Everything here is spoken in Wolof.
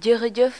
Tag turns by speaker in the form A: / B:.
A: jërëjëf